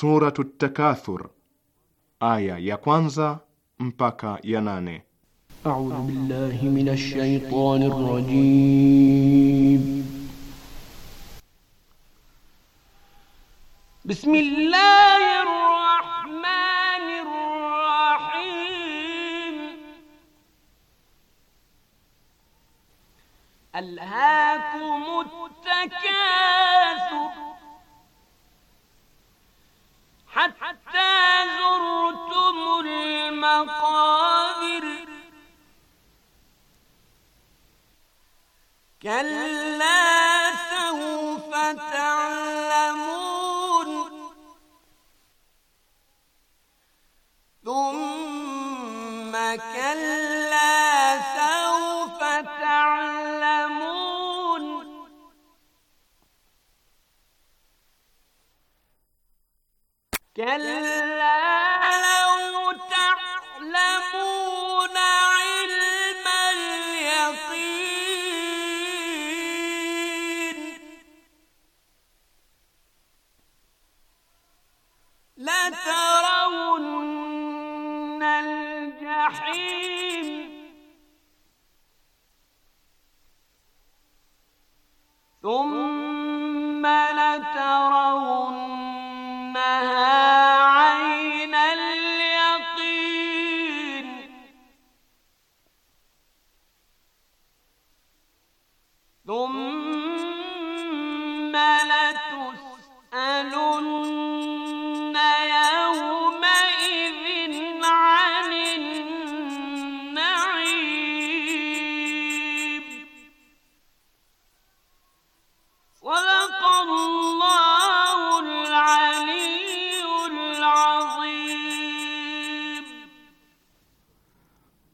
Suratu Takathur aya ya kwanza mpaka ya nane. A'udhu billahi minash shaitanir rajim. Bismillahir rahmanir rahim. Alhaakumut takasur حتى زرتم المقابر كلا Hello.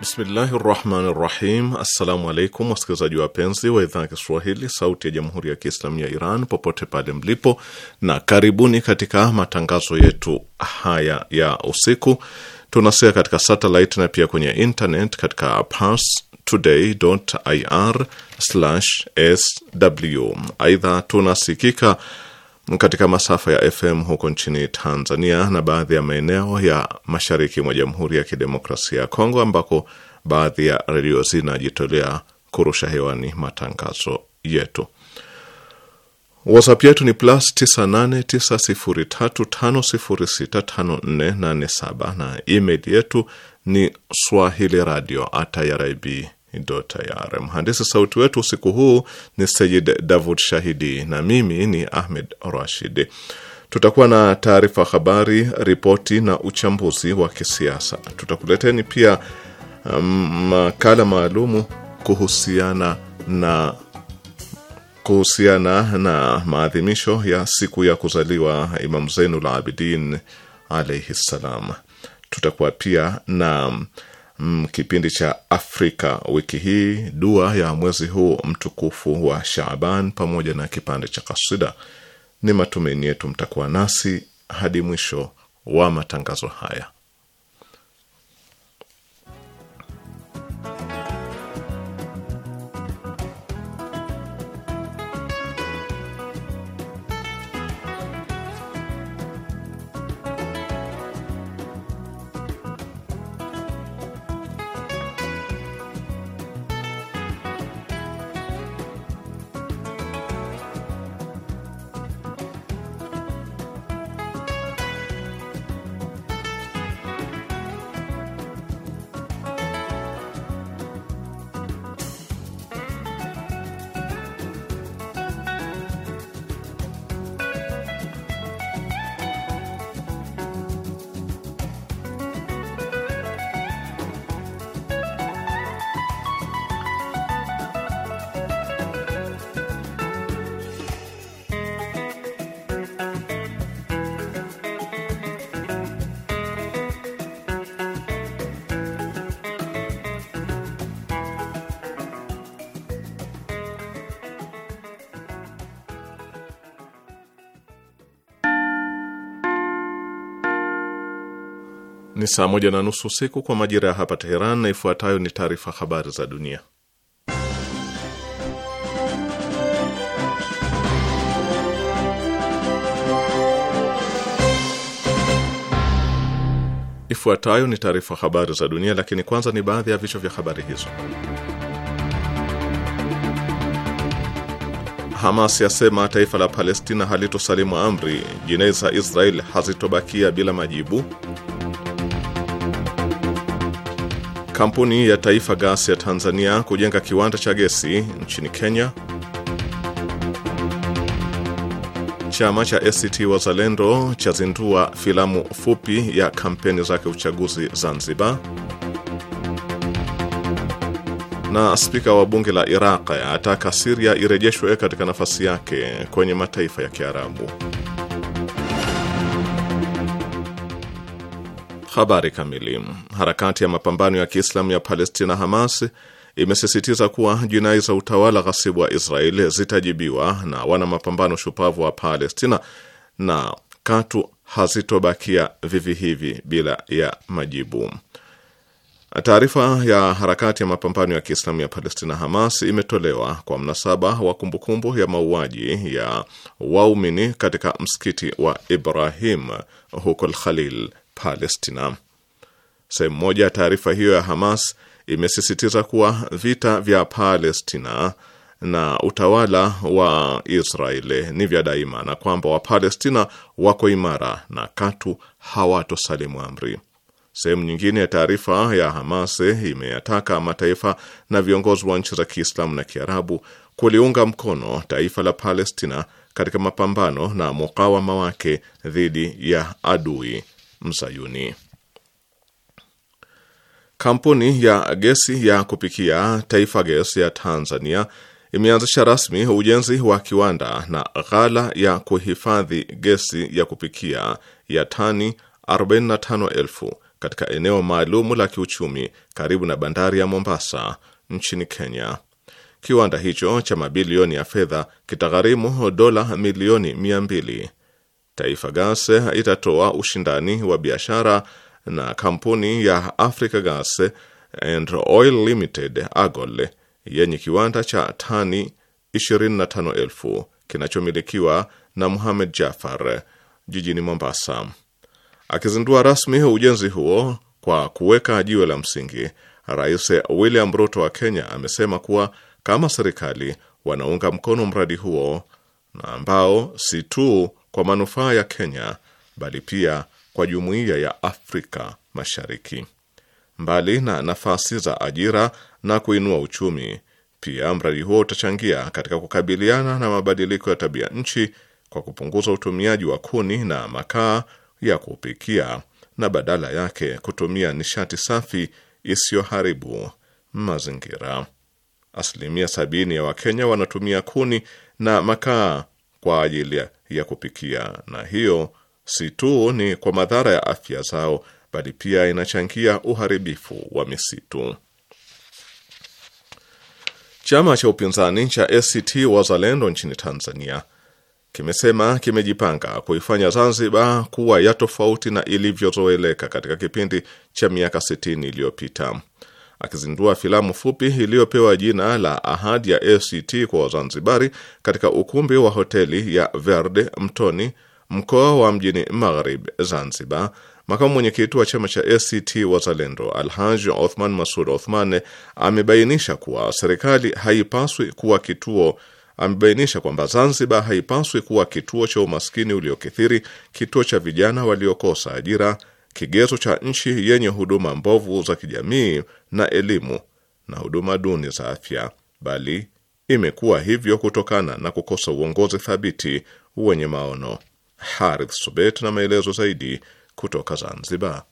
Bismillahi rahmani rahim. Assalamu alaikum wasikilizaji wapenzi wa idhaa ya Kiswahili sauti ya jamhuri ya Kiislamu ya Iran popote pale mlipo, na karibuni katika matangazo yetu haya ya usiku. Tunasikia katika satellite na pia kwenye internet katika parstoday.ir/sw. Aidha tunasikika katika masafa ya FM huko nchini Tanzania na baadhi ya maeneo ya mashariki mwa Jamhuri ya Kidemokrasia ya Kongo, ambako baadhi ya redio zinajitolea kurusha hewani matangazo yetu. WhatsApp yetu ni plus 989035065487 na email yetu ni swahili radio irib do Mhandisi sauti wetu usiku huu ni Sayid Davud Shahidi na mimi ni Ahmed Rashid. Tutakuwa na taarifa habari, ripoti na uchambuzi wa kisiasa. Tutakuleteni pia um, makala um, maalumu kuhusiana na kuhusiana na maadhimisho ya siku ya kuzaliwa Imam Zainul Abidin alaihi ssalam. Tutakuwa pia na mm, kipindi cha Afrika wiki hii, dua ya mwezi huu mtukufu wa Shaaban pamoja na kipande cha kasida. Ni matumaini yetu mtakuwa nasi hadi mwisho wa matangazo haya. saa moja na nusu usiku kwa majira ya hapa Teheran, na ifuatayo ni taarifa habari za dunia. Ifuatayo ni taarifa habari za dunia, lakini kwanza ni baadhi ya vichwa vya habari hizo. Hamas yasema taifa la Palestina halitosalimu amri, jinai za Israel hazitobakia bila majibu. kampuni ya Taifa Gas ya Tanzania kujenga kiwanda cha gesi nchini Kenya. Chama cha ACT Wazalendo chazindua filamu fupi ya kampeni zake uchaguzi Zanzibar. Na spika wa bunge la Iraq ataka Siria irejeshwe katika nafasi yake kwenye mataifa ya Kiarabu. Habari kamili. Harakati ya mapambano ya Kiislamu ya Palestina, Hamas, imesisitiza kuwa jinai za utawala ghasibu wa Israeli zitajibiwa na wana mapambano shupavu wa Palestina na katu hazitobakia vivi hivi bila ya majibu. Taarifa ya harakati ya mapambano ya Kiislamu ya Palestina Hamas imetolewa kwa mnasaba wa kumbukumbu ya mauaji ya waumini katika msikiti wa Ibrahim huko Al-Khalil Palestina. Sehemu moja ya taarifa hiyo ya Hamas imesisitiza kuwa vita vya Palestina na utawala wa Israeli ni vya daima na kwamba Wapalestina wako imara na katu hawatosalimu amri. Sehemu nyingine ya taarifa ya Hamas imeyataka mataifa na viongozi wa nchi za Kiislamu na Kiarabu kuliunga mkono taifa la Palestina katika mapambano na mukawama wake dhidi ya adui mzayuni. Kampuni ya gesi ya kupikia Taifa Gas ya Tanzania imeanzisha rasmi ujenzi wa kiwanda na ghala ya kuhifadhi gesi ya kupikia ya tani 45,000 katika eneo maalum la kiuchumi karibu na bandari ya Mombasa nchini Kenya. Kiwanda hicho cha mabilioni ya fedha kitagharimu dola milioni 200 Taifa Gas itatoa ushindani wa biashara na kampuni ya Africa Gas and Oil Limited AGOL yenye kiwanda cha tani 25,000 kinachomilikiwa na Muhamed Jafar jijini Mombasa. Akizindua rasmi ujenzi huo kwa kuweka jiwe la msingi, Rais William Ruto wa Kenya amesema kuwa kama serikali wanaunga mkono mradi huo ambao si tu kwa manufaa ya Kenya bali pia kwa jumuiya ya Afrika Mashariki. Mbali na nafasi za ajira na kuinua uchumi, pia mradi huo utachangia katika kukabiliana na mabadiliko ya tabia nchi kwa kupunguza utumiaji wa kuni na makaa ya kupikia na badala yake kutumia nishati safi isiyoharibu mazingira. Asilimia sabini ya Wakenya wanatumia kuni na makaa kwa ajili ya kupikia, na hiyo si tu ni kwa madhara ya afya zao, bali pia inachangia uharibifu wa misitu. Chama cha upinzani cha ACT Wazalendo nchini Tanzania kimesema kimejipanga kuifanya Zanzibar kuwa ya tofauti na ilivyozoeleka katika kipindi cha miaka 60 iliyopita akizindua filamu fupi iliyopewa jina la Ahadi ya ACT kwa Wazanzibari katika ukumbi wa hoteli ya Verde Mtoni, mkoa wa Mjini Magharib, Zanzibar. Makamu mwenyekiti wa chama cha ACT Wazalendo Alhaji Othman Masud Othman amebainisha kuwa serikali haipaswi kuwa kituo amebainisha kwamba Zanzibar haipaswi kuwa kituo cha umaskini uliokithiri, kituo cha vijana waliokosa ajira kigezo cha nchi yenye huduma mbovu za kijamii na elimu na huduma duni za afya, bali imekuwa hivyo kutokana na kukosa uongozi thabiti wenye maono. Harith Subet na maelezo zaidi kutoka Zanzibar.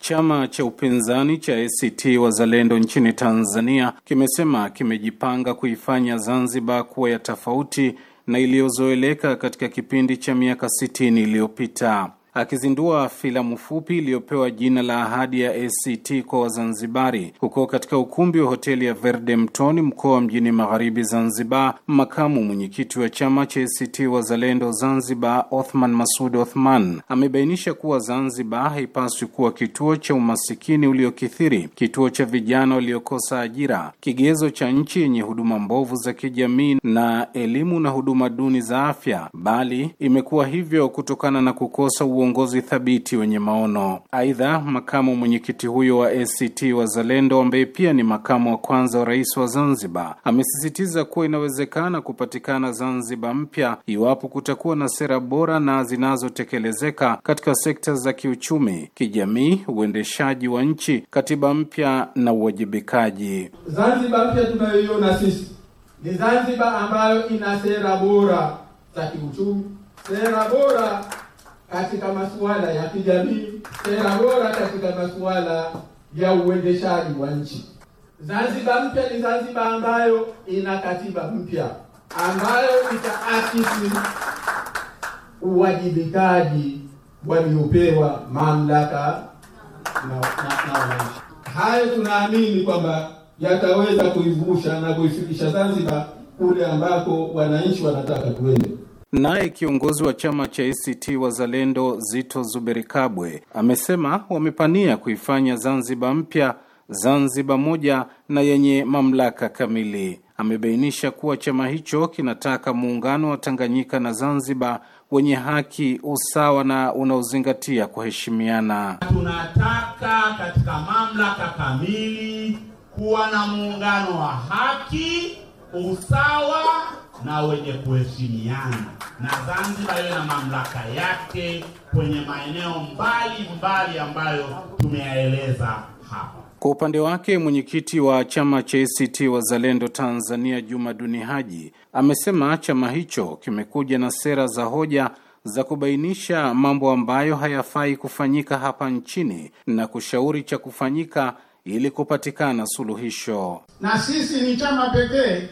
Chama cha upinzani cha ACT Wazalendo nchini Tanzania kimesema kimejipanga kuifanya Zanzibar kuwa ya tofauti na iliyozoeleka katika kipindi cha miaka 6 iliyopita akizindua filamu fupi iliyopewa jina la Ahadi ya ACT kwa Wazanzibari huko katika ukumbi wa hoteli ya Verde Mtoni, mkoa wa Mjini Magharibi, Zanzibar. Makamu mwenyekiti wa chama cha ACT Wazalendo Zanzibar, Othman Masud Othman, amebainisha kuwa Zanzibar haipaswi kuwa kituo cha umasikini uliokithiri, kituo cha vijana waliokosa ajira, kigezo cha nchi yenye huduma mbovu za kijamii na elimu na huduma duni za afya, bali imekuwa hivyo kutokana na kukosa uo uongozi thabiti wenye maono. Aidha, makamu mwenyekiti huyo wa ACT Wazalendo ambaye pia ni makamu wa kwanza wa rais wa Zanzibar amesisitiza kuwa inawezekana kupatikana Zanzibar mpya iwapo kutakuwa na sera bora na zinazotekelezeka katika sekta za kiuchumi, kijamii, uendeshaji wa nchi, katiba mpya na uwajibikaji. Zanzibar mpya tunayoiona sisi ni Zanzibar ambayo ina sera bora za kiuchumi, sera bora katika masuala ya kijamii, sera bora katika masuala ya uendeshaji wa nchi. Zanzibar mpya ni Zanzibar ambayo ina katiba mpya ambayo itaakisi uwajibikaji waliopewa mamlaka na wananchi. Hayo tunaamini kwamba yataweza kuivusha na kuifikisha Zanzibar kule ambako wananchi wanataka tuende. Naye kiongozi wa chama cha ACT Wazalendo Zito Zuberi Kabwe amesema wamepania kuifanya Zanzibar mpya Zanzibar moja na yenye mamlaka kamili. Amebainisha kuwa chama hicho kinataka muungano wa Tanganyika na Zanzibar wenye haki, usawa na unaozingatia kuheshimiana. Tunataka katika mamlaka kamili kuwa na muungano wa haki, usawa na wenye kuheshimiana, na Zanzibar iwe na mamlaka yake kwenye maeneo mbali mbali ambayo tumeyaeleza hapa. Kwa upande wake mwenyekiti wa chama cha ACT Wazalendo Tanzania, Juma Duni Haji, amesema chama hicho kimekuja na sera za hoja za kubainisha mambo ambayo hayafai kufanyika hapa nchini na kushauri cha kufanyika ili kupatikana suluhisho. Na sisi ni chama pekee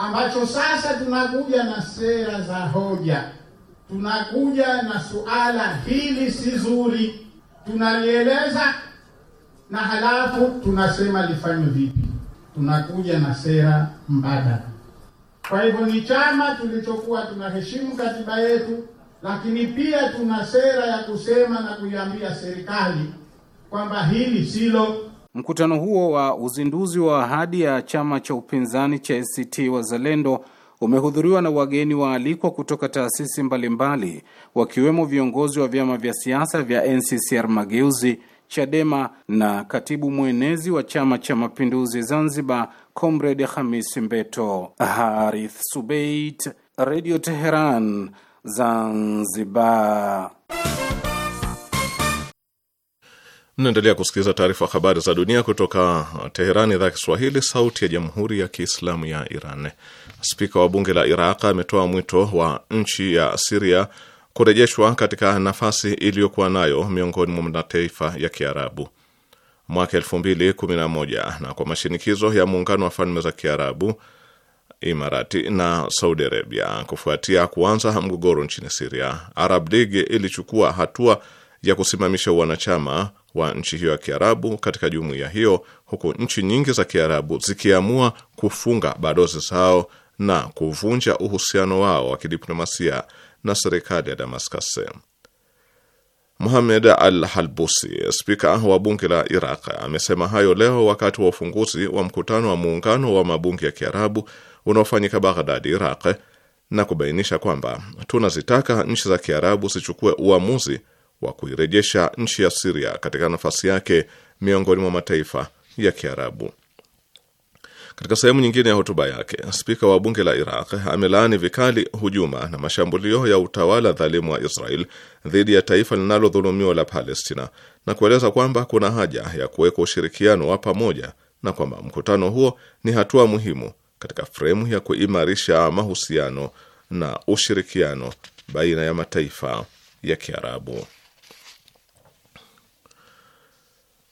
ambacho sasa tunakuja na sera za hoja, tunakuja na suala hili si zuri, tunalieleza na halafu tunasema lifanywe vipi, tunakuja na sera mbadala. Kwa hivyo ni chama tulichokuwa tunaheshimu katiba yetu, lakini pia tuna sera ya kusema na kuiambia serikali kwamba hili silo Mkutano huo wa uzinduzi wa ahadi ya chama cha upinzani cha ACT Wazalendo umehudhuriwa na wageni waalikwa kutoka taasisi mbalimbali wakiwemo viongozi wa vyama vya siasa vya NCCR Mageuzi, Chadema na katibu mwenezi wa Chama cha Mapinduzi Zanzibar, Comrade Hamis Mbeto. Harith Subeit, Radio Teheran, Zanzibar naendelea kusikiliza taarifa habari za dunia kutoka Teherani, idhaa Kiswahili, sauti ya jamhuri ya kiislamu ya Iran. Spika wa bunge la Iraq ametoa mwito wa nchi ya Siria kurejeshwa katika nafasi iliyokuwa nayo miongoni mwa mataifa ya Kiarabu mwaka moja na kwa mashinikizo ya muungano wa falme za Kiarabu, Imarati na Saudi Arabia kufuatia kuanza mgogoro nchini Siria, Arab League ilichukua hatua ya kusimamisha wanachama wa nchi hiyo ya Kiarabu katika jumuiya hiyo, huku nchi nyingi za Kiarabu zikiamua kufunga balozi zao na kuvunja uhusiano wao wa kidiplomasia na serikali ya Damascus. Muhamed Al-Halbusi, spika wa bunge la Iraq, amesema hayo leo wakati wa ufunguzi wa mkutano wa muungano wa mabunge ya Kiarabu unaofanyika Baghdad, Iraq, na kubainisha kwamba tunazitaka nchi za Kiarabu zichukue uamuzi wa kuirejesha nchi ya Siria katika nafasi yake miongoni mwa mataifa ya Kiarabu. Katika sehemu nyingine ya hotuba yake, spika wa bunge la Iraq amelaani vikali hujuma na mashambulio ya utawala dhalimu wa Israel dhidi ya taifa linalodhulumiwa la Palestina na kueleza kwamba kuna haja ya kuwekwa ushirikiano wa pamoja na kwamba mkutano huo ni hatua muhimu katika fremu ya kuimarisha mahusiano na ushirikiano baina ya mataifa ya Kiarabu.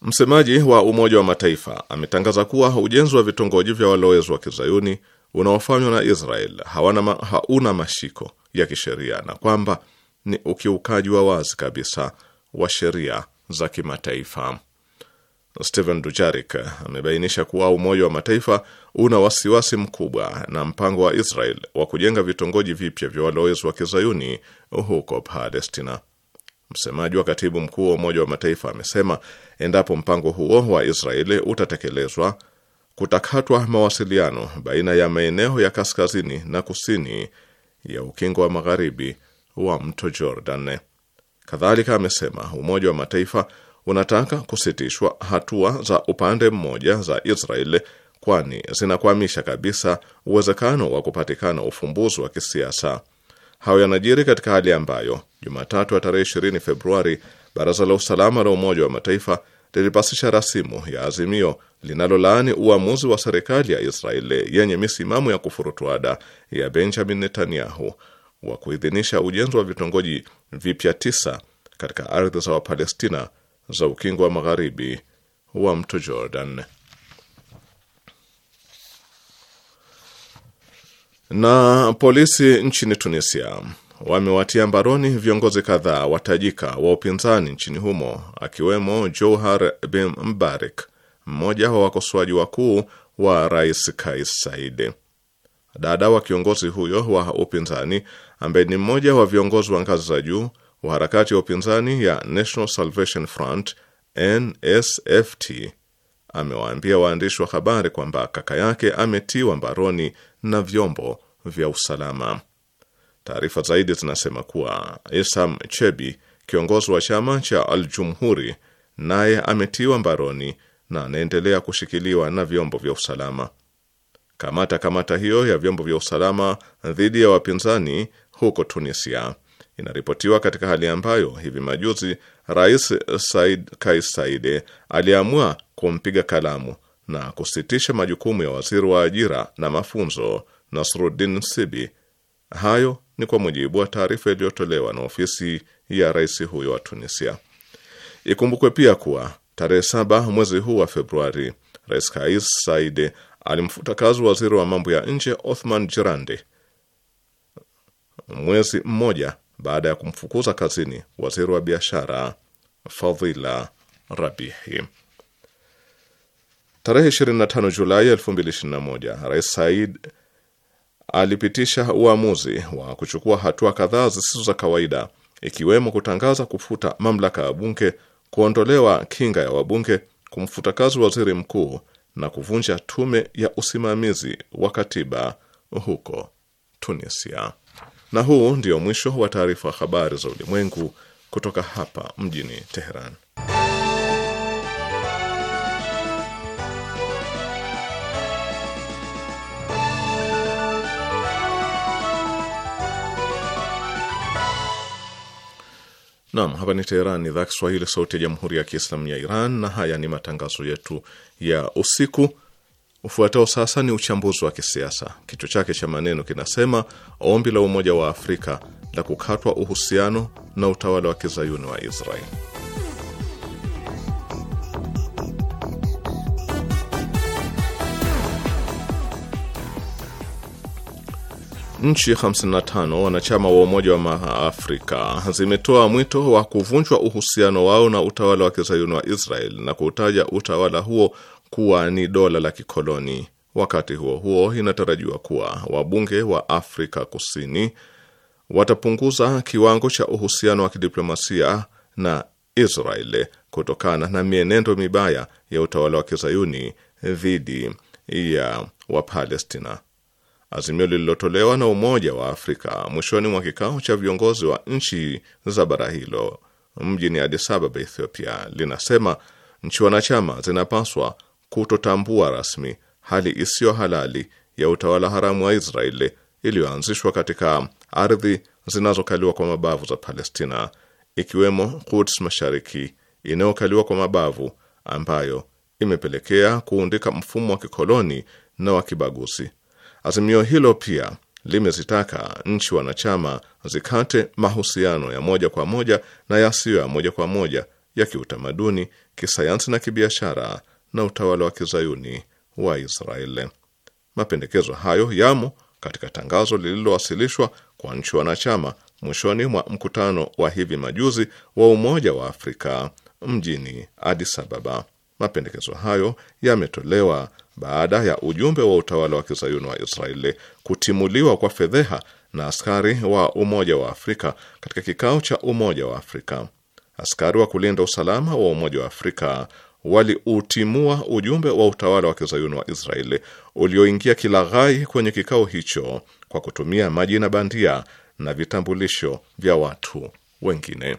Msemaji wa Umoja wa Mataifa ametangaza kuwa ujenzi wa vitongoji vya walowezi wa kizayuni unaofanywa na Israel hawana ma, hauna mashiko ya kisheria na kwamba ni ukiukaji wa wazi kabisa wa sheria za kimataifa. stephen Dujarik amebainisha kuwa Umoja wa Mataifa una wasiwasi mkubwa na mpango wa Israel wa kujenga vitongoji vipya vya walowezi wa kizayuni huko Palestina. Msemaji wa katibu mkuu wa Umoja wa Mataifa amesema endapo mpango huo wa Israeli utatekelezwa, kutakatwa mawasiliano baina ya maeneo ya kaskazini na kusini ya ukingo wa magharibi wa mto Jordan. Kadhalika amesema Umoja wa Mataifa unataka kusitishwa hatua za upande mmoja za Israeli kwani zinakwamisha kabisa uwezekano wa kupatikana ufumbuzi wa kisiasa Hayo yanajiri katika hali ambayo Jumatatu ya tarehe 20 Februari Baraza la Usalama la Umoja wa Mataifa lilipasisha rasimu ya azimio linalolaani uamuzi wa serikali ya Israeli yenye misimamo ya kufurutuada ya Benjamin Netanyahu wa kuidhinisha ujenzi wa vitongoji vipya tisa katika ardhi za Wapalestina za ukingo wa magharibi wa mto Jordan. Na polisi nchini Tunisia wamewatia mbaroni viongozi kadhaa watajika wa upinzani nchini humo akiwemo Johar bin Mbarik, mmoja wa wakosoaji wakuu wa Rais Kais saidi Dada wa kiongozi huyo wa upinzani ambaye ni mmoja wa viongozi wa ngazi za juu wa harakati ya upinzani ya National Salvation Front NSFT amewaambia waandishi wa habari kwamba kaka yake ametiwa mbaroni na vyombo vya usalama. Taarifa zaidi zinasema kuwa Esam Chebi, kiongozi wa chama cha Aljumhuri, naye ametiwa mbaroni na anaendelea kushikiliwa na vyombo vya usalama. Kamata kamata hiyo ya vyombo vya usalama dhidi ya wapinzani huko Tunisia inaripotiwa katika hali ambayo hivi majuzi Rais Said Kais Saide aliamua kumpiga kalamu na kusitisha majukumu ya waziri wa ajira na mafunzo Nasruddin Sibi. Hayo ni kwa mujibu wa taarifa iliyotolewa na ofisi ya rais huyo wa Tunisia. Ikumbukwe pia kuwa tarehe saba mwezi huu wa Februari, Rais Kais Said alimfuta kazi waziri wa mambo ya nje Othman Jirande mwezi mmoja baada ya kumfukuza kazini waziri wa biashara Fadhila Rabihi. Tarehe 25 Julai 2021 Rais Said alipitisha uamuzi wa kuchukua hatua kadhaa zisizo za kawaida, ikiwemo kutangaza kufuta mamlaka ya bunge, kuondolewa kinga ya wabunge, kumfuta kazi waziri mkuu na kuvunja tume ya usimamizi wa katiba huko Tunisia. Na huu ndio mwisho wa taarifa habari za ulimwengu kutoka hapa mjini Teheran. Naam, hapa ni Teheran, idhaa Kiswahili, sauti ya jamhuri ya kiislamu ya Iran, na haya ni matangazo yetu ya usiku. Ufuatao sasa ni uchambuzi wa kisiasa, kichwa chake cha maneno kinasema ombi la Umoja wa Afrika la kukatwa uhusiano na utawala wa kizayuni wa Israeli. nchi 55 wanachama wa Umoja wa Maafrika zimetoa mwito wa kuvunjwa uhusiano wao na utawala wa kizayuni wa Israel na kuutaja utawala huo kuwa ni dola la kikoloni. Wakati huo huo, inatarajiwa kuwa wabunge wa Afrika Kusini watapunguza kiwango cha uhusiano wa kidiplomasia na Israel kutokana na mienendo mibaya ya utawala wa kizayuni dhidi ya Wapalestina. Azimio lililotolewa na Umoja wa Afrika mwishoni mwa kikao cha viongozi wa nchi za bara hilo mjini Addis Ababa, Ethiopia, linasema nchi wanachama zinapaswa kutotambua rasmi hali isiyo halali ya utawala haramu wa Israeli iliyoanzishwa katika ardhi zinazokaliwa kwa mabavu za Palestina, ikiwemo Quds Mashariki inayokaliwa kwa mabavu ambayo imepelekea kuundika mfumo wa kikoloni na wa kibaguzi Azimio hilo pia limezitaka nchi wanachama zikate mahusiano ya moja kwa moja na yasiyo ya moja kwa moja ya kiutamaduni, kisayansi na kibiashara na utawala wa kizayuni wa Israeli. Mapendekezo hayo yamo katika tangazo lililowasilishwa kwa nchi wanachama mwishoni mwa mkutano wa hivi majuzi wa Umoja wa Afrika mjini Addis Ababa. Mapendekezo hayo yametolewa baada ya ujumbe wa utawala wa kizayuni wa Israeli kutimuliwa kwa fedheha na askari wa Umoja wa Afrika katika kikao cha Umoja wa Afrika. Askari wa kulinda usalama wa Umoja wa Afrika waliutimua ujumbe wa utawala wa kizayuni wa Israeli ulioingia kilaghai kwenye kikao hicho kwa kutumia majina bandia na vitambulisho vya watu wengine.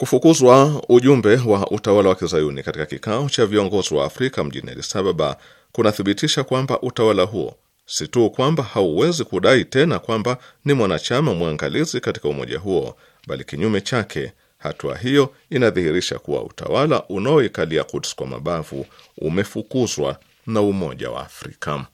Kufukuzwa ujumbe wa utawala wa kizayuni katika kikao cha viongozi wa Afrika mjini Addis Ababa kunathibitisha kwamba utawala huo si tu kwamba hauwezi kudai tena kwamba ni mwanachama mwangalizi katika umoja huo, bali kinyume chake, hatua hiyo inadhihirisha kuwa utawala unaoikalia Quds kwa mabavu umefukuzwa na Umoja wa Afrika.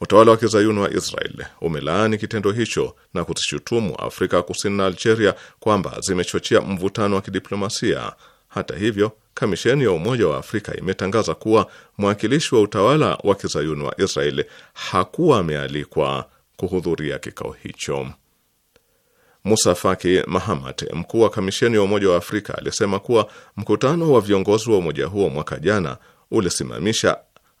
Utawala wa kizayuni wa Israel umelaani kitendo hicho na kuzishutumu Afrika Kusini na Algeria kwamba zimechochea mvutano wa kidiplomasia. Hata hivyo, kamisheni ya Umoja wa Afrika imetangaza kuwa mwakilishi wa utawala wa kizayuni wa Israel hakuwa amealikwa kuhudhuria kikao hicho. Musa Faki Mahamat, mkuu wa kamisheni ya Umoja wa Afrika, alisema kuwa mkutano wa viongozi wa umoja huo mwaka jana ulisimamisha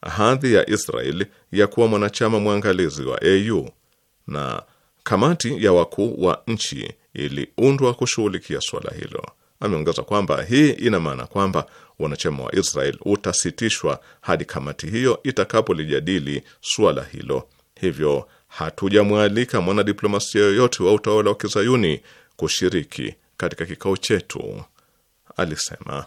hadhi ya Israel ya kuwa mwanachama mwangalizi wa AU na kamati ya wakuu wa nchi iliundwa kushughulikia suala hilo. Ameongeza kwamba hii ina maana kwamba wanachama wa Israel utasitishwa hadi kamati hiyo itakapolijadili suala hilo. Hivyo hatujamwalika mwanadiplomasia yoyote wa utawala wa kizayuni kushiriki katika kikao chetu, alisema.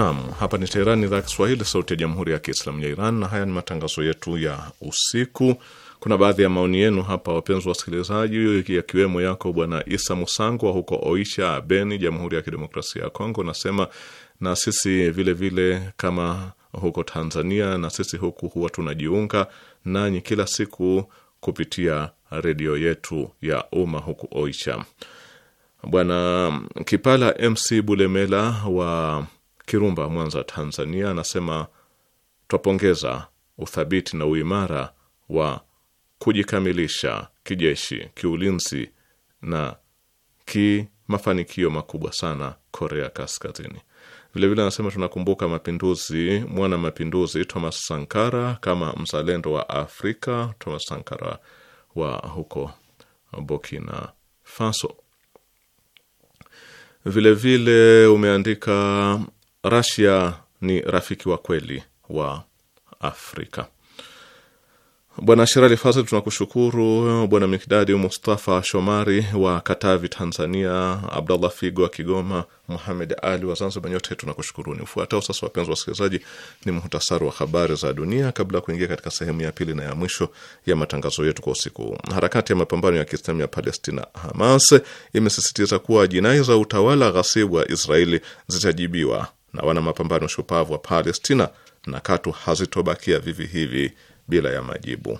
Naam, hapa ni Teherani, idhaa ya Kiswahili, sauti ya jamhuri ya kiislamu ya Iran, na haya ni matangazo yetu ya usiku. Kuna baadhi ya maoni yenu hapa, wapenzi wa wasikilizaji, yakiwemo yako Bwana Isa Musangwa huko Oisha, Beni, Jamhuri ya Kidemokrasia ya Kongo. Nasema na sisi vile vile kama huko Tanzania, na sisi huku huwa tunajiunga nanyi kila siku kupitia redio yetu ya umma huku Oisha. Bwana Kipala MC Bulemela wa Kirumba, Mwanza, Tanzania, anasema twapongeza uthabiti na uimara wa kujikamilisha kijeshi, kiulinzi na kimafanikio makubwa sana Korea Kaskazini. Vilevile anasema tunakumbuka mapinduzi, mwana mapinduzi Thomas Sankara kama mzalendo wa Afrika, Thomas Sankara wa huko Burkina Faso. Vilevile umeandika Rasia ni rafiki wa kweli wa Afrika. Bwana Sherali Fazil, tunakushukuru. Bwana Mikdadi Mustafa Shomari wa Katavi, Tanzania, Abdallah Figo wa Kigoma, Muhamed Ali wa Zanzibar, nyote tunakushukuruni. Ufuatao sasa, wapenzi wasikilizaji, ni muhtasari wa habari za dunia kabla ya kuingia katika sehemu ya pili na ya mwisho ya matangazo yetu kwa usiku huu. Harakati ya mapambano ya Kiislamu ya Palestina, Hamas, imesisitiza kuwa jinai za utawala ghasibu wa Israeli zitajibiwa na wana mapambano shupavu wa Palestina na katu hazitobakia vivi hivi bila ya majibu.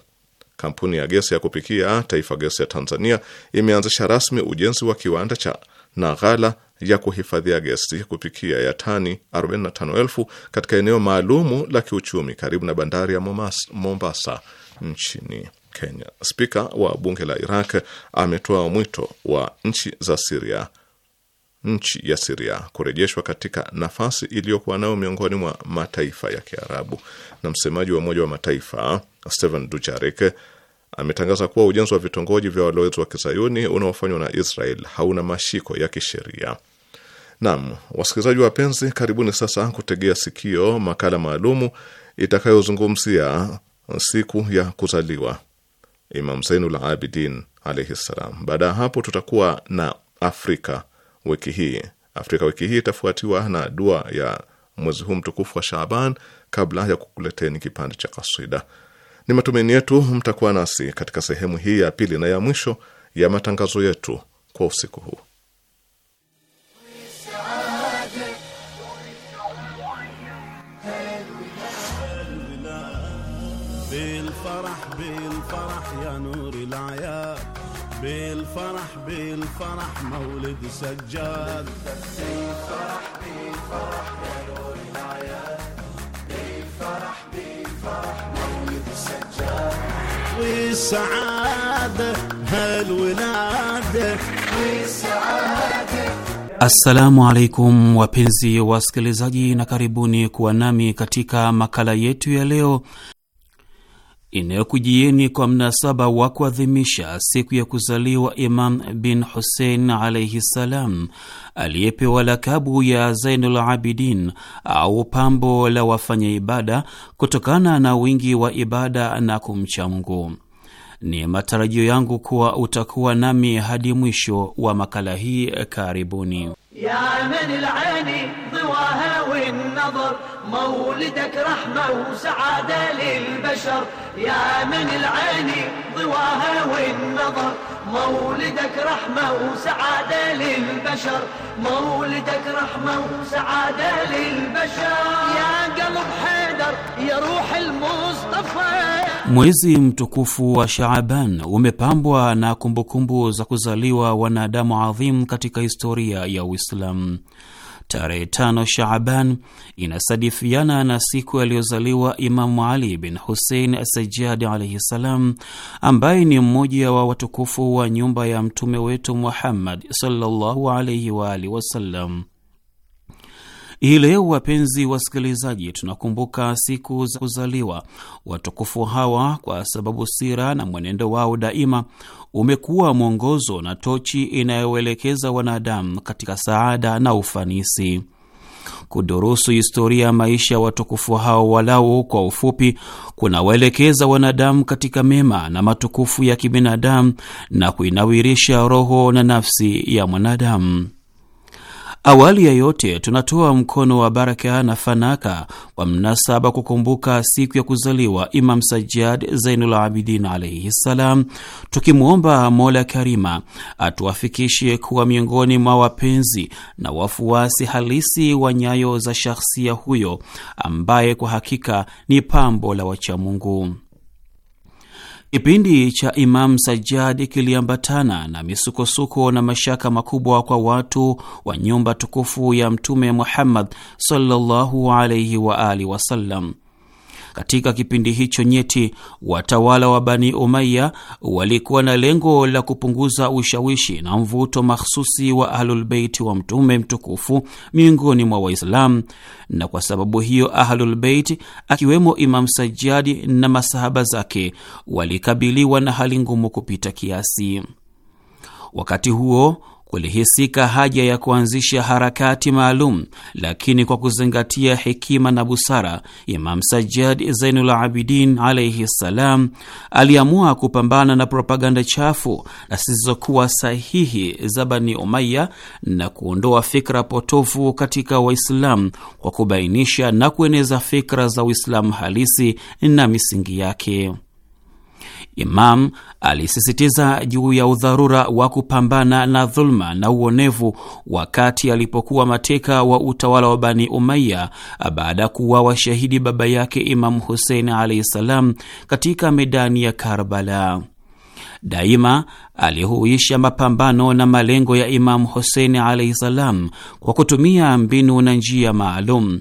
Kampuni ya gesi ya kupikia Taifa Gesi ya Tanzania imeanzisha rasmi ujenzi wa kiwanda cha naghala ya kuhifadhia gesi ya kupikia ya tani 45,000 katika eneo maalumu la kiuchumi karibu na bandari ya Mombasa nchini Kenya. Spika wa bunge la Iraq ametoa mwito wa nchi za Siria nchi ya Siria kurejeshwa katika nafasi iliyokuwa nayo miongoni mwa mataifa ya Kiarabu. Na msemaji wa Umoja wa Mataifa Stephane Dujarik ametangaza kuwa ujenzi wa vitongoji vya walowezi wa kizayuni unaofanywa na Israel hauna mashiko ya kisheria. Naam, wasikilizaji wapenzi, karibuni sasa kutegea sikio makala maalumu itakayozungumzia siku ya kuzaliwa Imam Zainul Abidin alaihi ssalam. Baada ya hapo, tutakuwa na Afrika wiki hii. Afrika wiki hii itafuatiwa na dua ya mwezi huu mtukufu wa Shaaban kabla ya kukuleteni kipande cha kasida. Ni matumaini yetu mtakuwa nasi katika sehemu hii ya pili na ya mwisho ya matangazo yetu kwa usiku huu. فرح مولد سجاد السيد فرح بيه فرح يا نور العيان بيه فرح بيه فرح مولد سجاد والسعادة هالولادة والسعادة Assalamu alaikum wapenzi wasikilizaji, na karibuni kuwa nami katika makala yetu ya leo inayokujieni kwa mnasaba wa kuadhimisha siku ya kuzaliwa Imam bin Hussein alaihi ssalam, aliyepewa lakabu ya Zainul Abidin au pambo la wafanya ibada kutokana na wingi wa ibada na kumcha Mungu. Ni matarajio yangu kuwa utakuwa nami hadi mwisho wa makala hii. Karibuni ya النظر مولدك رحمة وسعادة للبشر يا من العين ضواها والنظر مولدك رحمة وسعادة للبشر مولدك رحمة وسعادة للبشر يا قلب حيدر يا روح المصطفى Mwezi mtukufu wa Shaaban umepambwa na kumbukumbu za kuzaliwa wanadamu adhim katika historia ya Uislamu tarehe tano Shaaban inasadifiana na siku aliyozaliwa Imamu Ali bin Husein Asajadi alaihi ssalam, ambaye ni mmoja wa watukufu wa nyumba ya mtume wetu Muhammad sallallahu alaihi waalihi wasallam. Hii leo wapenzi wasikilizaji, tunakumbuka siku za kuzaliwa watukufu hawa, kwa sababu sira na mwenendo wao daima umekuwa mwongozo na tochi inayoelekeza wanadamu katika saada na ufanisi. Kudurusu historia ya maisha ya watukufu hao walau kwa ufupi, kunawaelekeza wanadamu katika mema na matukufu ya kibinadamu na kuinawirisha roho na nafsi ya mwanadamu. Awali ya yote tunatoa mkono wa baraka na fanaka kwa mnasaba kukumbuka siku ya kuzaliwa Imam Sajjad Zainul Abidin alaihi ssalam, tukimwomba Mola Karima atuafikishe kuwa miongoni mwa wapenzi na wafuasi halisi wa nyayo za shakhsia huyo ambaye kwa hakika ni pambo la wachamungu. Kipindi cha Imam Sajjad kiliambatana na misukosuko na mashaka makubwa kwa watu wa nyumba tukufu ya Mtume Muhammad sallallahu alaihi wa ali wasallam. Katika kipindi hicho nyeti, watawala wa Bani Umaya walikuwa na lengo la kupunguza ushawishi na mvuto mahsusi wa Ahlulbeiti wa Mtume mtukufu miongoni mwa Waislamu, na kwa sababu hiyo Ahlulbeiti akiwemo Imam Sajjadi na masahaba zake walikabiliwa na hali ngumu kupita kiasi. Wakati huo kulihisika haja ya kuanzisha harakati maalum, lakini kwa kuzingatia hekima na busara, Imam Sajjad Zainul Abidin alaihi ssalam aliamua kupambana na propaganda chafu na zisizokuwa sahihi za Bani Umaya na kuondoa fikra potofu katika Waislamu kwa kubainisha na kueneza fikra za Uislamu halisi na misingi yake. Imam alisisitiza juu ya udharura wa kupambana na dhuluma na uonevu wakati alipokuwa mateka wa utawala wa Bani Umaya baada ya kuuawa shahidi baba yake Imamu Husein alaihi salam katika medani ya Karbala. Daima alihuisha mapambano na malengo ya Imamu Husein alaihi salam kwa kutumia mbinu na njia maalum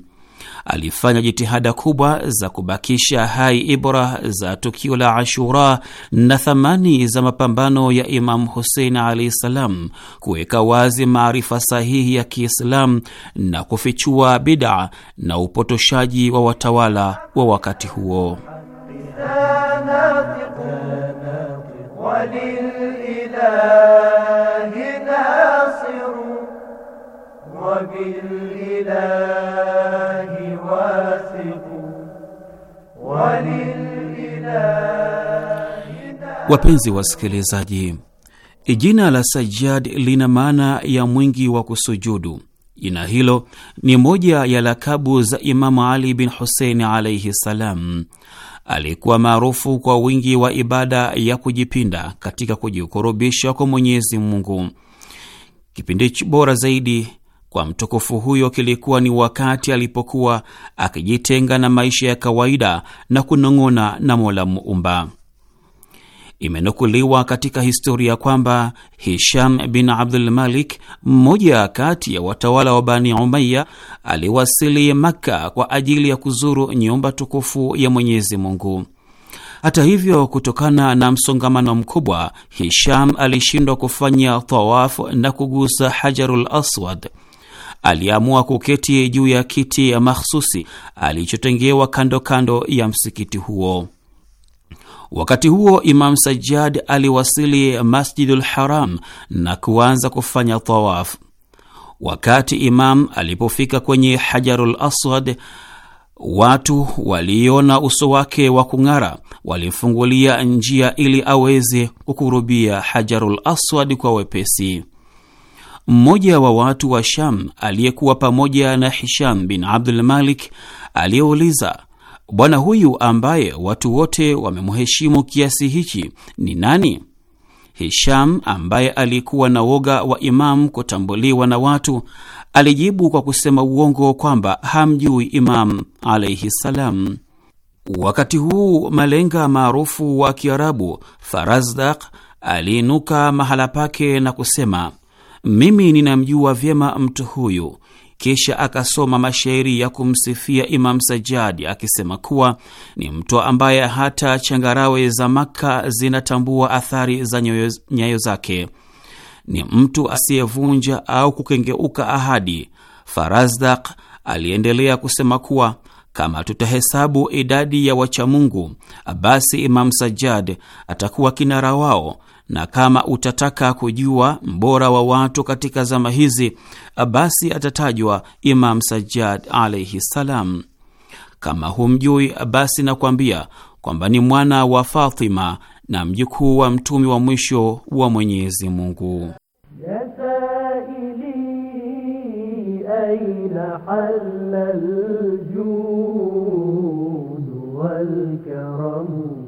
alifanya jitihada kubwa za kubakisha hai ibra za tukio la Ashura na thamani za mapambano ya Imamu Husein alaihi salam, kuweka wazi maarifa sahihi ya Kiislamu na kufichua bidaa na upotoshaji wa watawala wa wakati huo. Wapenzi wasikilizaji, jina la Sajjad lina maana ya mwingi wa kusujudu. Jina hilo ni moja ya lakabu za Imamu Ali bin Husein alaihi salam. Alikuwa maarufu kwa wingi wa ibada ya kujipinda katika kujikurubisha kwa Mwenyezi Mungu. Kipindi bora zaidi kwa mtukufu huyo kilikuwa ni wakati alipokuwa akijitenga na maisha ya kawaida na kunong'ona na Mola Muumba. Imenukuliwa katika historia kwamba Hisham bin Abdul Malik, mmoja kati ya watawala wa Bani umaya aliwasili Makka kwa ajili ya kuzuru nyumba tukufu ya Mwenyezi Mungu. Hata hivyo, kutokana na msongamano mkubwa, Hisham alishindwa kufanya tawafu na kugusa Hajarul Aswad aliamua kuketi juu ya kiti ya mahsusi alichotengewa kando kando ya msikiti huo. Wakati huo Imam Sajjad aliwasili Masjidul Haram na kuanza kufanya tawaf. Wakati Imam alipofika kwenye Hajarul Aswad, watu waliona uso wake wa kung'ara, walimfungulia njia ili aweze kukurubia Hajarul Aswad kwa wepesi. Mmoja wa watu wa Sham aliyekuwa pamoja na Hisham bin Abdul Malik aliyeuliza, bwana huyu ambaye watu wote wamemheshimu kiasi hichi ni nani? Hisham ambaye alikuwa na woga wa Imamu kutambuliwa na watu alijibu kwa kusema uongo kwamba hamjui Imamu alaihi salam. Wakati huu malenga maarufu wa Kiarabu Farazdak aliinuka mahala pake na kusema mimi ninamjua vyema mtu huyu. Kisha akasoma mashairi ya kumsifia Imam Sajadi akisema kuwa ni mtu ambaye hata changarawe za Maka zinatambua athari za nyayo zake. Ni mtu asiyevunja au kukengeuka ahadi. Farazdak aliendelea kusema kuwa kama tutahesabu idadi ya wachamungu, basi Imam Sajjad atakuwa kinara wao, na kama utataka kujua mbora wa watu katika zama hizi, basi atatajwa Imam Sajjad alaihi salam. Kama humjui, basi nakwambia kwamba ni mwana wa Fatima na mjukuu wa mtumi wa mwisho wa Mwenyezi Mungu. Yes. الليل حل الجود والكرم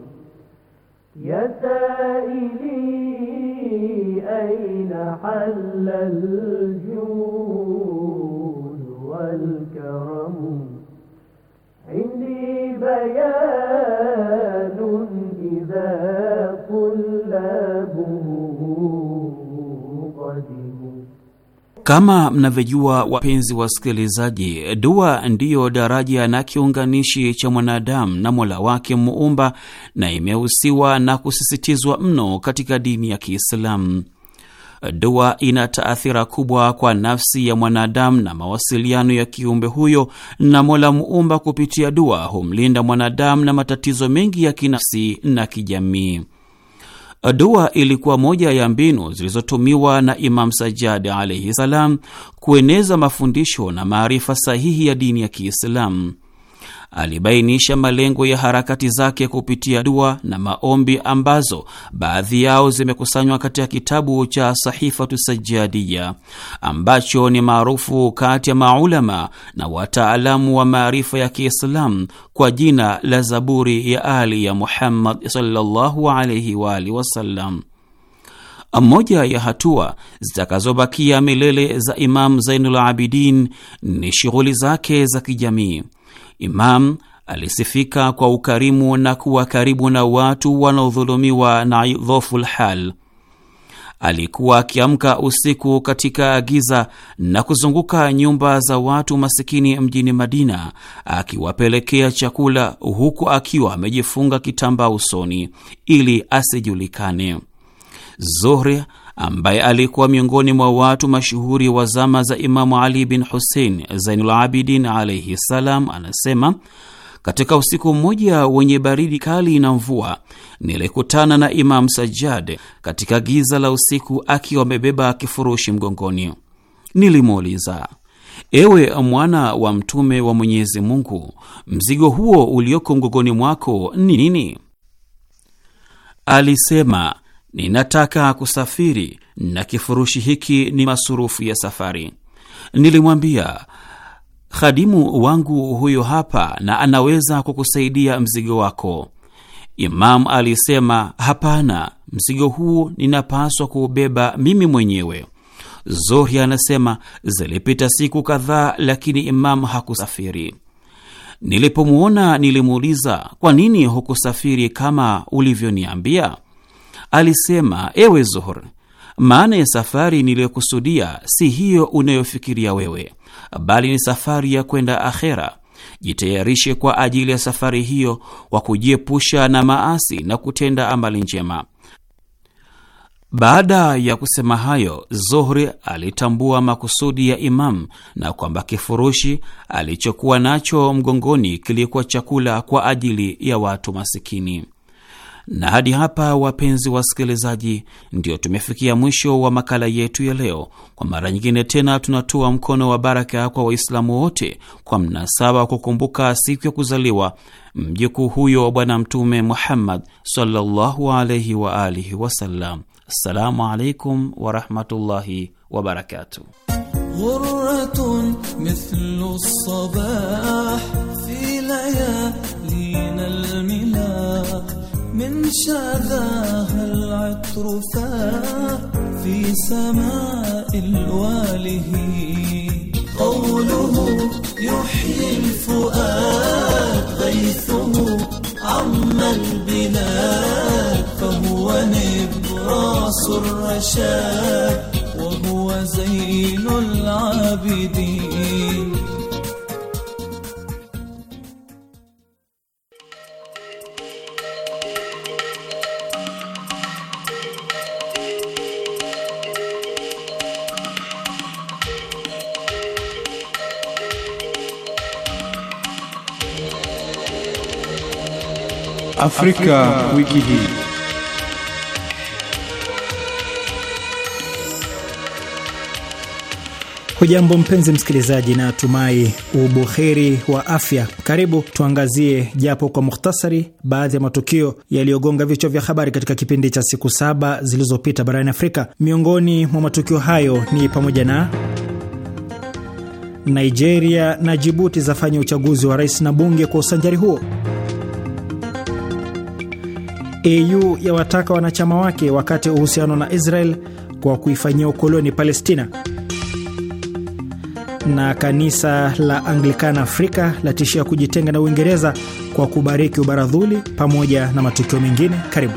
يا سائلي أين حل الجود والكرم عندي بيان إذا طلبه Kama mnavyojua wapenzi wasikilizaji, dua ndiyo daraja na kiunganishi cha mwanadamu na mola wake Muumba, na imehusiwa na kusisitizwa mno katika dini ya Kiislamu. Dua ina taathira kubwa kwa nafsi ya mwanadamu na mawasiliano ya kiumbe huyo na mola Muumba. Kupitia dua humlinda mwanadamu na matatizo mengi ya kinafsi na kijamii. Dua ilikuwa moja ya mbinu zilizotumiwa na Imam Sajjad alaihi salam kueneza mafundisho na maarifa sahihi ya dini ya Kiislamu alibainisha malengo ya harakati zake kupitia dua na maombi ambazo baadhi yao zimekusanywa katika kitabu cha Sahifatu Sajjadia ambacho ni maarufu kati ya maulama na wataalamu wa maarifa ya Kiislamu kwa jina la Zaburi ya Ali ya Muhammad sallallahu alaihi wa alihi wasallam. Moja ya hatua zitakazobakia milele za Imamu Zainul Abidin ni shughuli zake za kijamii. Imam alisifika kwa ukarimu na kuwa karibu na watu wanaodhulumiwa na idhoful hal. Alikuwa akiamka usiku katika giza na kuzunguka nyumba za watu masikini mjini Madina akiwapelekea chakula huku akiwa amejifunga kitambaa usoni ili asijulikane. Zuhri ambaye alikuwa miongoni mwa watu mashuhuri wa zama za Imamu Ali bin husein Zainul Abidin alaihi salam, anasema katika usiku mmoja wenye baridi kali na mvua nilikutana na Imamu Sajjad katika giza la usiku akiwa amebeba kifurushi mgongoni. Nilimuuliza, ewe mwana wa mtume wa Mwenyezi Mungu, mzigo huo ulioko mgongoni mwako ni nini? Alisema, Ninataka kusafiri na kifurushi hiki ni masurufu ya safari. Nilimwambia khadimu wangu huyo hapa, na anaweza kukusaidia mzigo wako. Imamu alisema hapana, mzigo huu ninapaswa kuubeba mimi mwenyewe. Zohri anasema zilipita siku kadhaa, lakini imamu hakusafiri. Nilipomwona nilimuuliza, kwa nini hukusafiri kama ulivyoniambia? alisema, ewe Zuhur, maana ya safari niliyokusudia si hiyo unayofikiria wewe, bali ni safari ya kwenda akhera. Jitayarishe kwa ajili ya safari hiyo kwa kujiepusha na maasi na kutenda amali njema. Baada ya kusema hayo, Zuhri alitambua makusudi ya Imam na kwamba kifurushi alichokuwa nacho mgongoni kilikuwa chakula kwa ajili ya watu masikini. Na hadi hapa, wapenzi wasikilizaji, ndio tumefikia mwisho wa makala yetu ya leo. Kwa mara nyingine tena, tunatoa mkono wa baraka kwa Waislamu wote kwa mnasaba wa kukumbuka siku ya kuzaliwa mjukuu huyo wa Bwana Mtume Muhammad sallallahu alaihi wa alihi wasallam. Assalamu alaikum warahmatullahi wabarakatuh. شذاها العطر فاه في سماء الواله قوله يحيي الفؤاد غيثه عم البلاد فهو نبراس الرشاد وهو زين العابدين Afrika, wiki hii. Hujambo mpenzi msikilizaji, na tumai ubuheri wa afya. Karibu tuangazie japo kwa muhtasari baadhi ya matukio yaliyogonga vichwa vya habari katika kipindi cha siku saba zilizopita barani Afrika. Miongoni mwa matukio hayo ni pamoja na Nigeria na Jibuti zafanya uchaguzi wa rais na bunge kwa usanjari huo AU yawataka wanachama wake wakate uhusiano na Israel kwa kuifanyia ukoloni Palestina. Na kanisa la Anglikana Afrika latishia kujitenga na Uingereza kwa kubariki ubaradhuli, pamoja na matukio mengine. Karibu.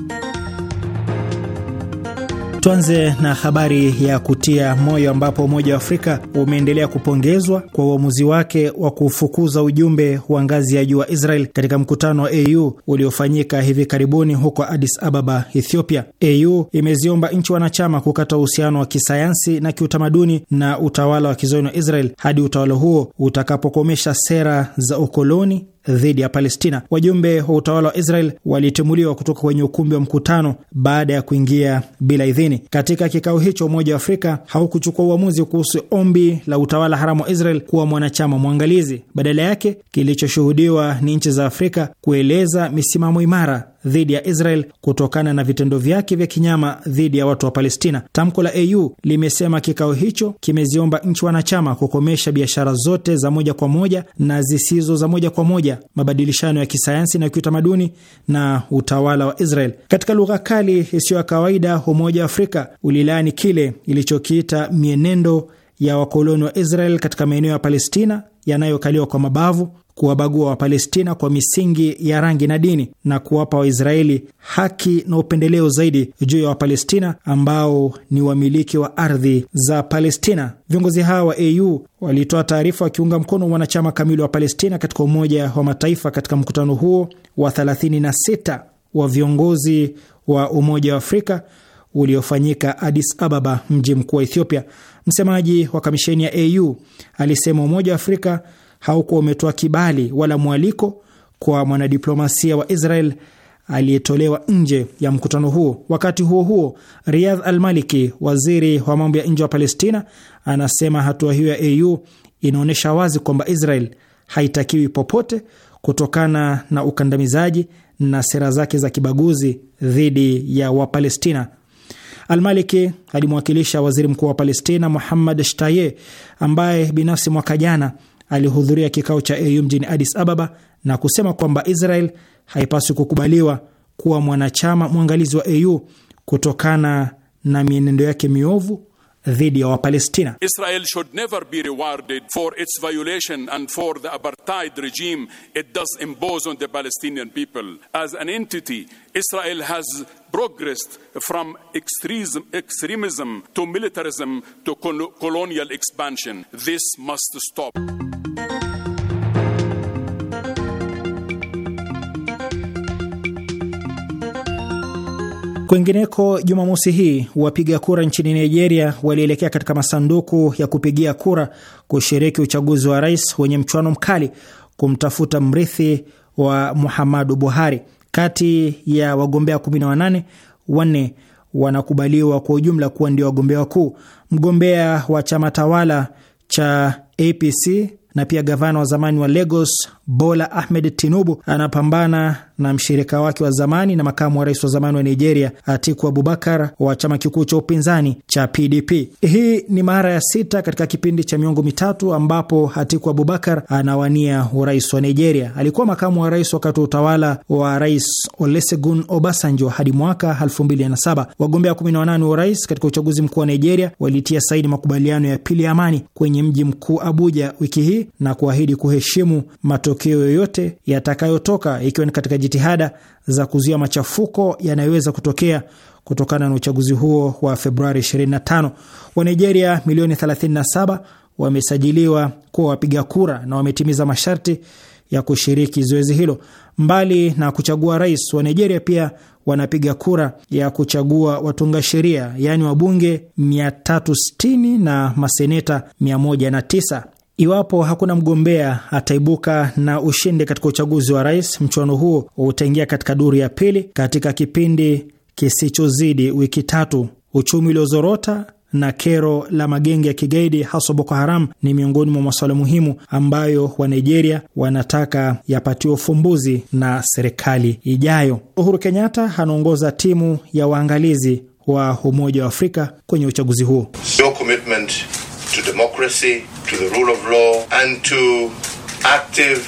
Tuanze na habari ya kutia moyo ambapo Umoja wa Afrika umeendelea kupongezwa kwa uamuzi wake wa kufukuza ujumbe wa ngazi ya juu wa Israel katika mkutano wa AU uliofanyika hivi karibuni huko Addis Ababa, Ethiopia. AU imeziomba nchi wanachama kukata uhusiano wa kisayansi na kiutamaduni na utawala wa kizoni wa Israel hadi utawala huo utakapokomesha sera za ukoloni dhidi ya Palestina. Wajumbe wa utawala wa Israel walitimuliwa kutoka kwenye ukumbi wa mkutano baada ya kuingia bila idhini. Katika kikao hicho, Umoja wa Afrika haukuchukua uamuzi kuhusu ombi la utawala haramu wa Israel kuwa mwanachama mwangalizi. Badala yake, kilichoshuhudiwa ni nchi za Afrika kueleza misimamo imara dhidi ya Israel kutokana na vitendo vyake vya kinyama dhidi ya watu wa Palestina. Tamko la AU limesema kikao hicho kimeziomba nchi wanachama kukomesha biashara zote za moja kwa moja na zisizo za moja kwa moja, mabadilishano ya kisayansi na kiutamaduni na utawala wa Israel. Katika lugha kali isiyo ya kawaida, Umoja wa Afrika ulilaani kile ilichokiita mienendo ya wakoloni wa Israel katika maeneo ya Palestina yanayokaliwa kwa mabavu kuwabagua Wapalestina kwa misingi ya rangi na dini na kuwapa Waisraeli haki na upendeleo zaidi juu ya Wapalestina ambao ni wamiliki wa ardhi za Palestina. Viongozi hawa wa AU walitoa taarifa wakiunga mkono wanachama kamili wa Palestina katika Umoja wa Mataifa katika mkutano huo wa 36 wa viongozi wa Umoja wa Afrika uliofanyika Addis Ababa, mji mkuu wa Ethiopia. Msemaji wa kamisheni ya AU alisema Umoja wa Afrika haukuwa umetoa kibali wala mwaliko kwa mwanadiplomasia wa Israel aliyetolewa nje ya mkutano huo. Wakati huo huo, Riyadh Al-Maliki, waziri wa mambo ya nje wa Palestina, anasema hatua hiyo ya AU inaonyesha wazi kwamba Israel haitakiwi popote kutokana na ukandamizaji na sera zake za kibaguzi dhidi ya Wapalestina. Almaliki alimwakilisha waziri mkuu wa Palestina Muhammad Shtaye ambaye binafsi mwaka jana alihudhuria kikao cha AU mjini Addis Ababa na kusema kwamba Israel haipaswi kukubaliwa kuwa mwanachama mwangalizi wa AU kutokana na mienendo yake miovu dhidi ya Wapalestina. Israel should never be rewarded for its violation and for the apartheid regime it does impose on the Palestinian people. As an entity, Israel has progressed from extremism, extremism to militarism to colonial expansion. This must stop. Kwengineko Jumamosi hii wapiga kura nchini Nigeria walielekea katika masanduku ya kupigia kura kushiriki uchaguzi wa rais wenye mchuano mkali kumtafuta mrithi wa Muhammadu Buhari. Kati ya wagombea 18 wanne wanakubaliwa kwa ujumla kuwa ndio wagombea wakuu. Mgombea wa chama tawala cha APC na pia gavana wa zamani wa Lagos Bola Ahmed Tinubu anapambana na mshirika wake wa zamani na makamu wa rais wa zamani wa Nigeria Atiku Abubakar wa chama kikuu cha upinzani cha PDP. Hii ni mara ya sita katika kipindi cha miongo mitatu ambapo Atiku Abubakar anawania urais wa Nigeria. Alikuwa makamu wa rais wakati wa utawala wa Rais Olusegun Obasanjo hadi mwaka 2007. Wagombea 18 wa urais katika uchaguzi mkuu wa Nigeria walitia saini makubaliano ya pili ya amani kwenye mji mkuu Abuja wiki hii na kuahidi kuheshimu matokeo yoyote yatakayotoka, ikiwa ni katika jitihada za kuzuia machafuko yanayoweza kutokea kutokana na uchaguzi huo wa Februari 25. wanijeria milioni 37 wamesajiliwa kuwa wapiga kura na wametimiza masharti ya kushiriki zoezi hilo. Mbali na kuchagua rais wa Nigeria, pia wanapiga kura ya kuchagua watunga sheria, yaani wabunge 360 na maseneta 109. Iwapo hakuna mgombea ataibuka na ushindi katika uchaguzi wa rais, mchuano huo utaingia katika duru ya pili katika kipindi kisichozidi wiki tatu. Uchumi uliozorota na kero la magenge ya kigaidi haswa Boko Haram ni miongoni mwa masuala muhimu ambayo Wanigeria wanataka yapatiwe ufumbuzi na serikali ijayo. Uhuru Kenyatta anaongoza timu ya waangalizi wa Umoja wa Afrika kwenye uchaguzi huo. Your commitment to democracy, to the rule of law, and to active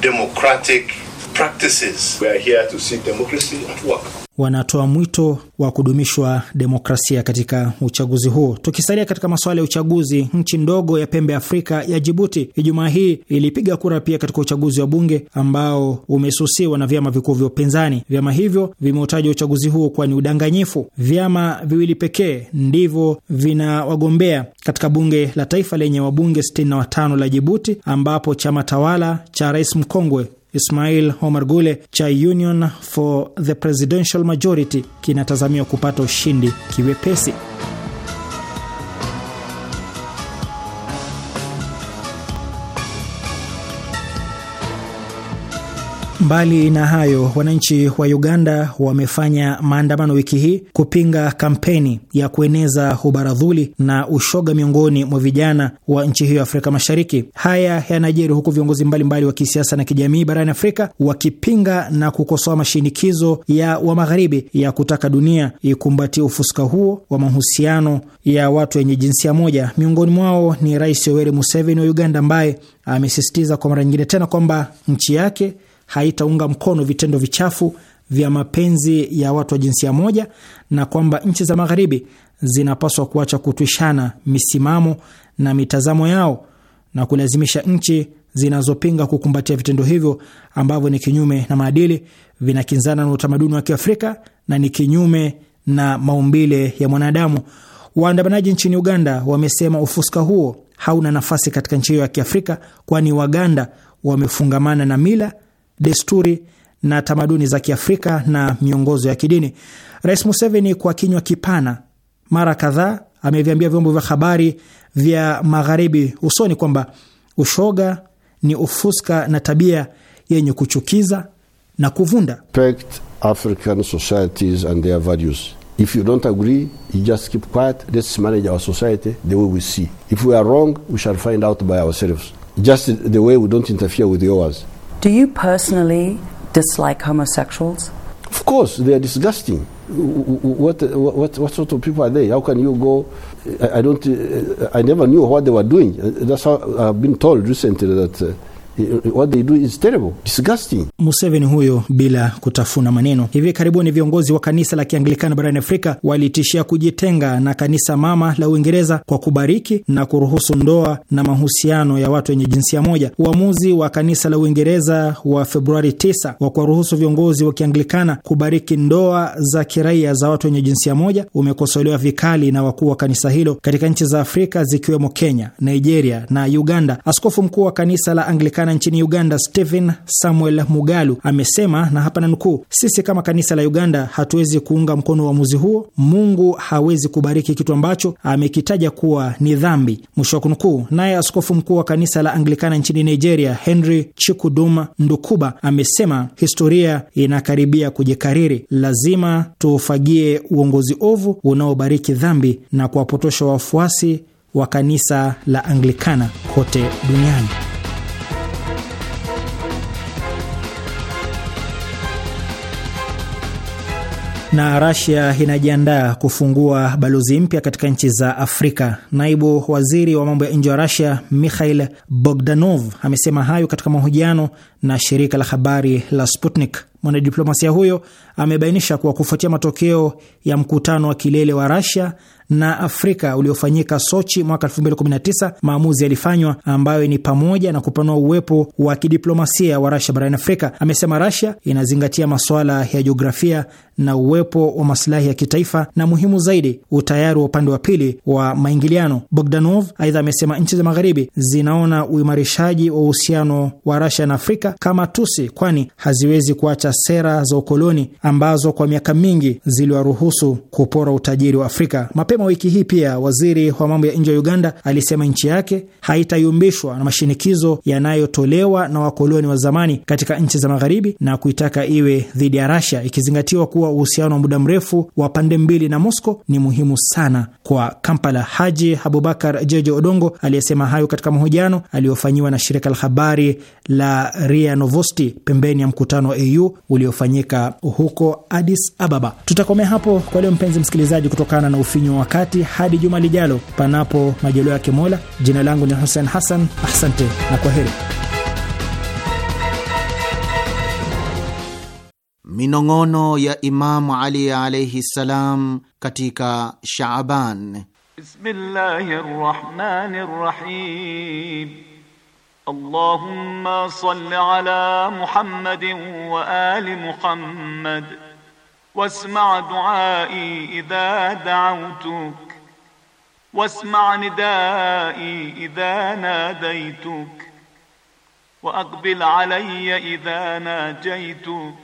democratic practices. We are here to see democracy at work. wanatoa mwito wa kudumishwa demokrasia katika uchaguzi huo. Tukisalia katika masuala ya uchaguzi, nchi ndogo ya pembe Afrika ya Jibuti Ijumaa hii ilipiga kura pia katika uchaguzi wa bunge ambao umesusiwa na vyama vikuu vya upinzani. Vyama hivyo vimeutaja uchaguzi huo kuwa ni udanganyifu. Vyama viwili pekee ndivyo vina wagombea katika bunge la taifa lenye wabunge 65 la Jibuti, ambapo chama tawala cha rais mkongwe Ismail Omar Gule cha Union for the Presidential Majority kinatazamiwa kupata ushindi kiwepesi. Mbali na hayo, wananchi wa Uganda wamefanya maandamano wiki hii kupinga kampeni ya kueneza ubaradhuli na ushoga miongoni mwa vijana wa nchi hiyo ya Afrika Mashariki. Haya yanajiri huku viongozi mbalimbali mbali wa kisiasa na kijamii barani Afrika wakipinga na kukosoa mashinikizo ya wa Magharibi ya kutaka dunia ikumbatie ufuska huo wa mahusiano ya watu wenye jinsia moja. Miongoni mwao ni Rais Yoweri Museveni wa Uganda ambaye amesisitiza kwa mara nyingine tena kwamba nchi yake haitaunga mkono vitendo vichafu vya mapenzi ya watu wa jinsia moja na kwamba nchi za Magharibi zinapaswa kuacha kutwishana misimamo na mitazamo yao na kulazimisha nchi zinazopinga kukumbatia vitendo hivyo ambavyo ni kinyume na maadili, vinakinzana na utamaduni wa Kiafrika na ni kinyume na maumbile ya mwanadamu. Waandamanaji nchini Uganda wamesema ufuska huo hauna nafasi katika nchi hiyo ya Kiafrika, kwani Waganda wamefungamana na mila desturi na tamaduni za Kiafrika na miongozo ya kidini. Rais Museveni kwa kinywa kipana mara kadhaa ameviambia vyombo vya habari vya magharibi usoni kwamba ushoga ni ufuska na tabia yenye kuchukiza na kuvunda. Respect African societies and their values. If you don't agree, you just keep quiet. Let's manage our society the way we see. If we are wrong, we shall find out by ourselves. Just the way we don't interfere with Do you personally dislike homosexuals? Of course, they are disgusting. What, what, what sort of people are they? How can you go? I, I don't. I never knew what they were doing. That's how I've been told recently that. Uh, Eh, what they do is terrible, disgusting. Museveni huyo bila kutafuna maneno. Hivi karibuni viongozi wa kanisa la Kianglikana barani Afrika walitishia kujitenga na kanisa mama la Uingereza kwa kubariki na kuruhusu ndoa na mahusiano ya watu wenye jinsia moja. Uamuzi wa kanisa la Uingereza wa Februari 9 wa kuwaruhusu viongozi wa Kianglikana kubariki ndoa za kiraia za watu wenye jinsia moja umekosolewa vikali na wakuu wa kanisa hilo katika nchi za Afrika zikiwemo Kenya, Nigeria na Uganda. Askofu mkuu wa kanisa la Anglikana anayepatikana nchini Uganda, Stephen Samuel Mugalu, amesema na hapa nukuu, sisi kama kanisa la Uganda hatuwezi kuunga mkono uamuzi huo. Mungu hawezi kubariki kitu ambacho amekitaja kuwa ni dhambi, mwisho wa kunukuu. Naye askofu mkuu wa kanisa la Anglikana nchini Nigeria, Henry Chikuduma Ndukuba, amesema historia inakaribia kujikariri, lazima tuufagie uongozi ovu unaobariki dhambi na kuwapotosha wafuasi wa kanisa la Anglikana kote duniani. Na Rasia inajiandaa kufungua balozi mpya katika nchi za Afrika. Naibu waziri wa mambo ya nje wa Rasia Mikhail Bogdanov amesema hayo katika mahojiano na shirika la habari la Sputnik. Mwanadiplomasia huyo amebainisha kuwa kufuatia matokeo ya mkutano wa kilele wa Rasia na Afrika uliofanyika Sochi mwaka 2019, maamuzi yalifanywa ambayo ni pamoja na kupanua uwepo wa kidiplomasia wa Rasia barani Afrika. Amesema Rasia inazingatia masuala ya jiografia na uwepo wa masilahi ya kitaifa na muhimu zaidi, utayari wa upande wa pili wa maingiliano. Bogdanov aidha amesema nchi za Magharibi zinaona uimarishaji wa uhusiano wa rasia na Afrika kama tusi, kwani haziwezi kuacha sera za ukoloni ambazo kwa miaka mingi ziliwaruhusu kupora utajiri wa Afrika. Mapema wiki hii pia waziri wa mambo ya nje ya Uganda alisema nchi yake haitayumbishwa na mashinikizo yanayotolewa na wakoloni wa zamani katika nchi za Magharibi na kuitaka iwe dhidi ya rasia ikizingatiwa kuwa kuwa uhusiano wa muda mrefu wa pande mbili na mosco ni muhimu sana kwa Kampala. Haji Abubakar jeje Odongo aliyesema hayo katika mahojiano aliyofanyiwa na shirika la habari la Ria Novosti pembeni ya mkutano wa AU uliofanyika huko adis Ababa. Tutakomea hapo kwa leo, mpenzi msikilizaji, kutokana na ufinywa wa wakati. Hadi juma lijalo, panapo majaliwa ya Kimola. Jina langu ni Hussein Hassan, asante na kwa heri. minong'ono ya Imamu Ali alaihi ssalam katika Shaaban. Bismillahi rahmani rahim. Allahumma salli ala Muhammadin wa ali Muhammad wasma duai idha dautuk wasma nidai idha nadaituk wa aqbil alayya idha najaituk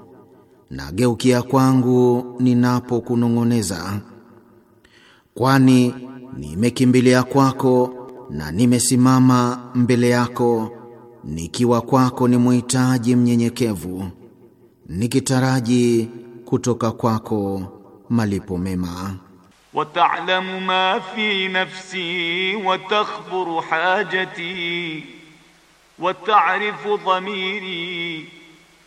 na geukia kwangu ninapokunong'oneza, kwani nimekimbilia kwako na nimesimama mbele yako nikiwa kwako ni mwhitaji mnyenyekevu, nikitaraji kutoka kwako malipo mema. watalamu ma fi nafsi wa hajati wa ta'rifu dhamiri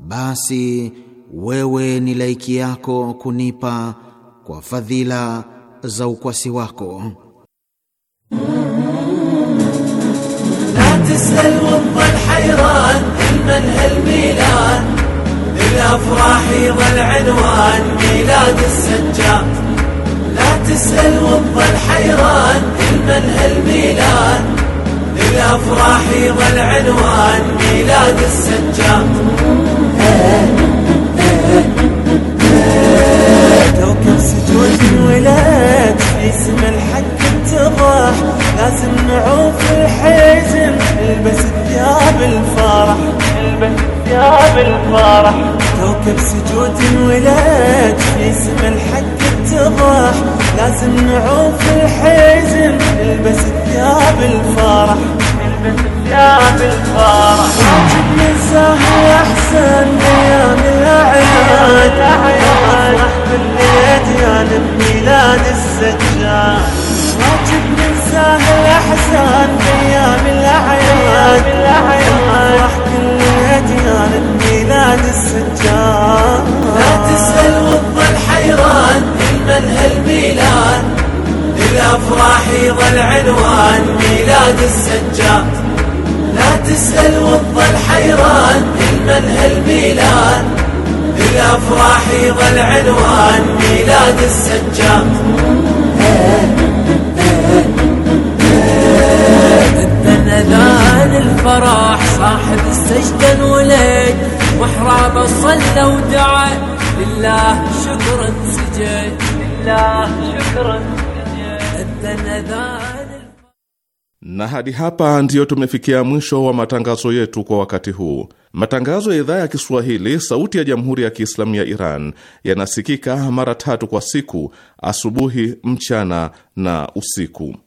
basi wewe ni laiki yako kunipa kwa fadhila za ukwasi wako. تسأل وضى الحيران لمن هالميلاد للأفراح يضى العنوان ميلاد السجاد كوكب سجود ولد في زمن اتضح لازم نعوف الحزن البس ثياب الفرح البس ثياب الفرح كوكب سجود ولد في زمن اتضح لازم نعوف الحزن عن السجان واجب ننساه الأحزان بأيام الأعياد راح كل الأديان بميلاد السجان لا تسأل وض حيران لمن هالميلاد الافراح يظل عنوان ميلاد السجان لا تسأل وض حيران لمن هالميلاد الافراح يظل عنوان ميلاد السجاد نذان الفرح صاحب السجدة انولد محرابه صلى ودعا لله شكرا سجد لله شكرا na hadi hapa ndiyo tumefikia mwisho wa matangazo yetu kwa wakati huu. Matangazo ya idhaa ya Kiswahili sauti ya jamhuri ya Kiislamu ya Iran yanasikika mara tatu kwa siku: asubuhi, mchana na usiku.